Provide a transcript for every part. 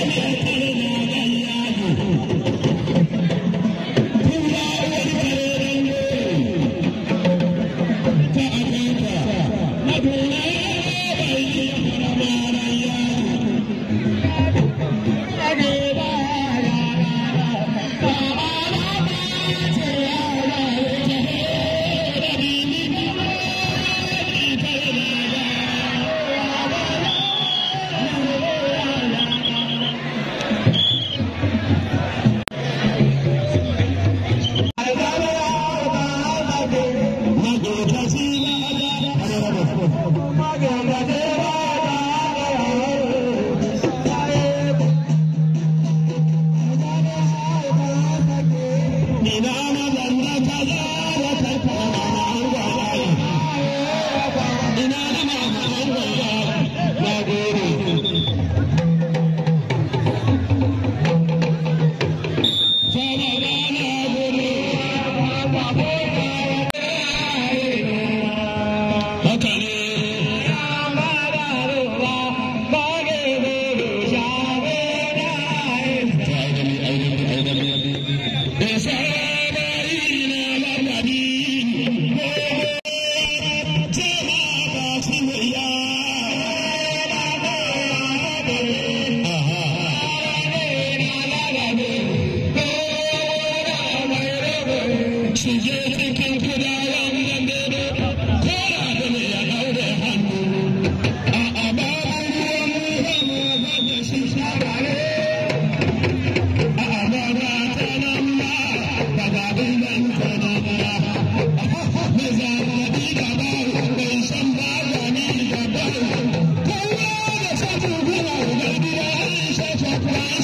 Yeah. Come on,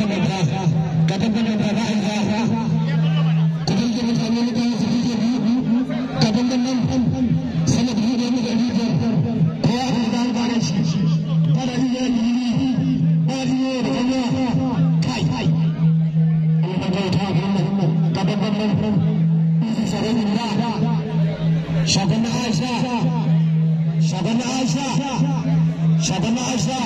Shabana Aisha, Shabana Aisha, Shabana Aisha,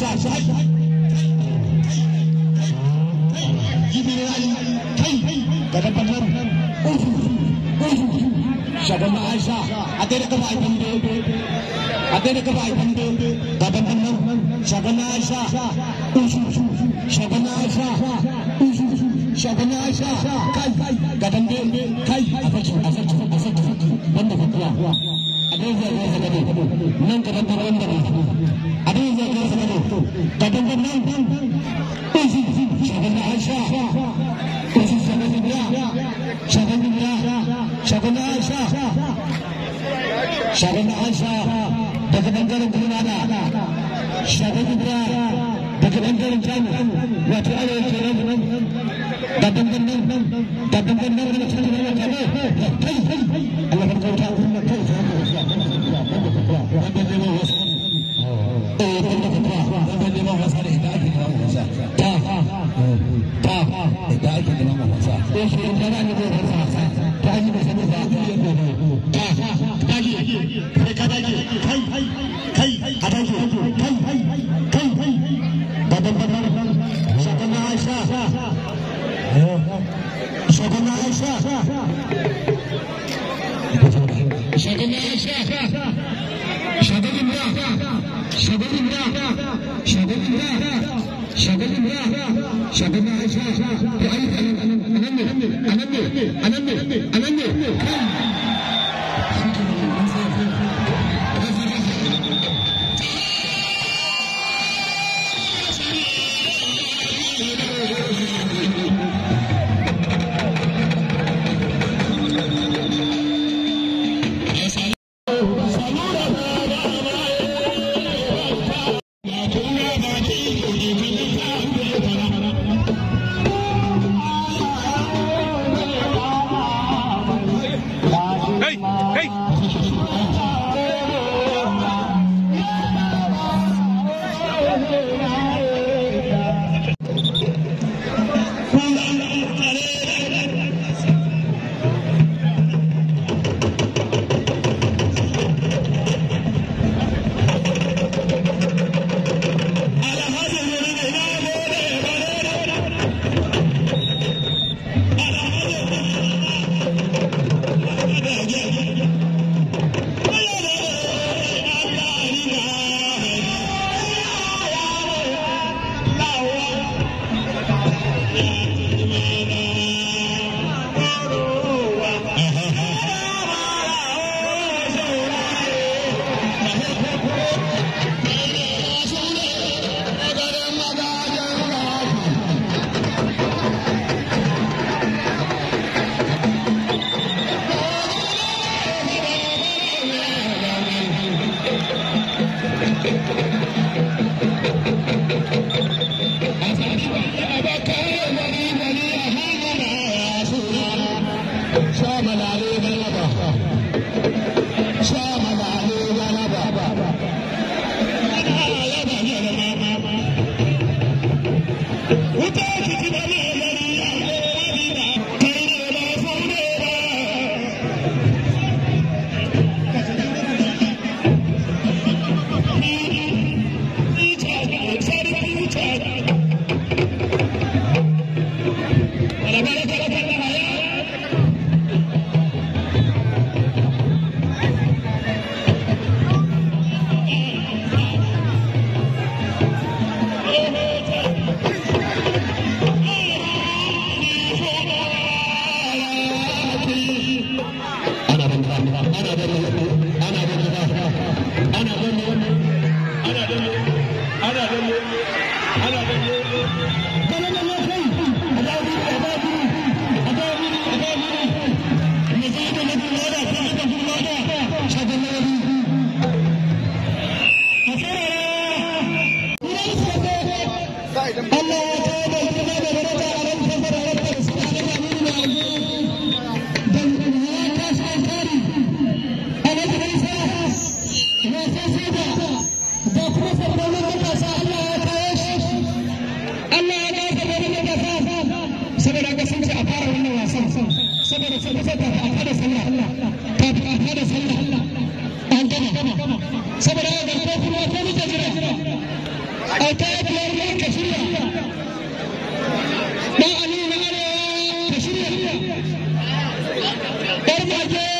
ka shabana, shagon na aisha a daidai kafa a kwando a daidai kafa a kwando gaban nan shagon na aisha shagon na aisha shagon na aisha kai gaban dambe kai a farci a farci a farci banda fakuwa a daidai zai zai zai nan gaban dambe banda fakuwa a daidai zai zai zai تدنگ من اوزی شغل عائشہ اوزی شغل برا شغل برا شغل عائشہ شغل عائشہ دگنگر 打鸡，打鸡，别打鸡，开开开，打鸡，开开开，打打打，杀得那阿依莎，杀得那阿依莎，杀得那阿依莎，杀得那阿依莎，杀得那阿依莎，杀得那阿依莎，杀得那阿依莎，杀得那阿依莎。आनंद आनंद आनंद Anand Allah ya ba ta gobe da kafafa saboda ga sun ce a fara wannan wasan saboda saboda ta fara da sallah ta fara da sallah an gama saboda ga ko kuma ko muke jira a ta biyar ne ka shirya dan Ali na arewa ka shirya Ɗan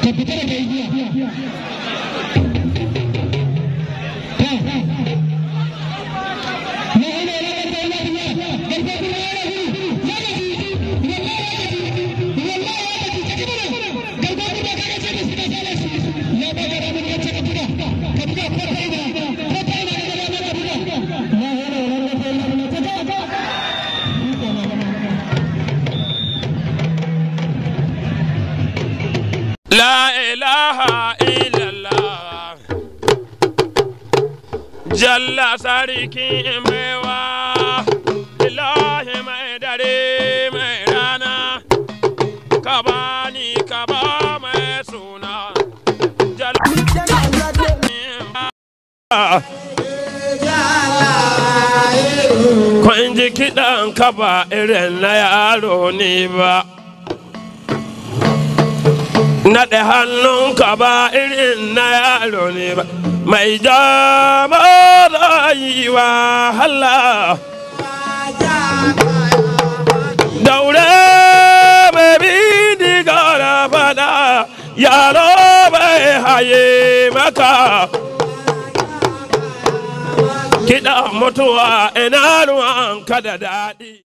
Capitana Bahia. ilaha illallah jalla sariki mewa ilahi mai dare mai rana ka bani ka mai suna jalla kun ji kiɗan ka ba irin na yaro ne ba naɗe hannunka ba irin na yaro ne ba mai jama rayuwa hala daure mai bi diga da fada yaro bai haye maka Kiɗan mutuwa ina ruwan ka da daɗi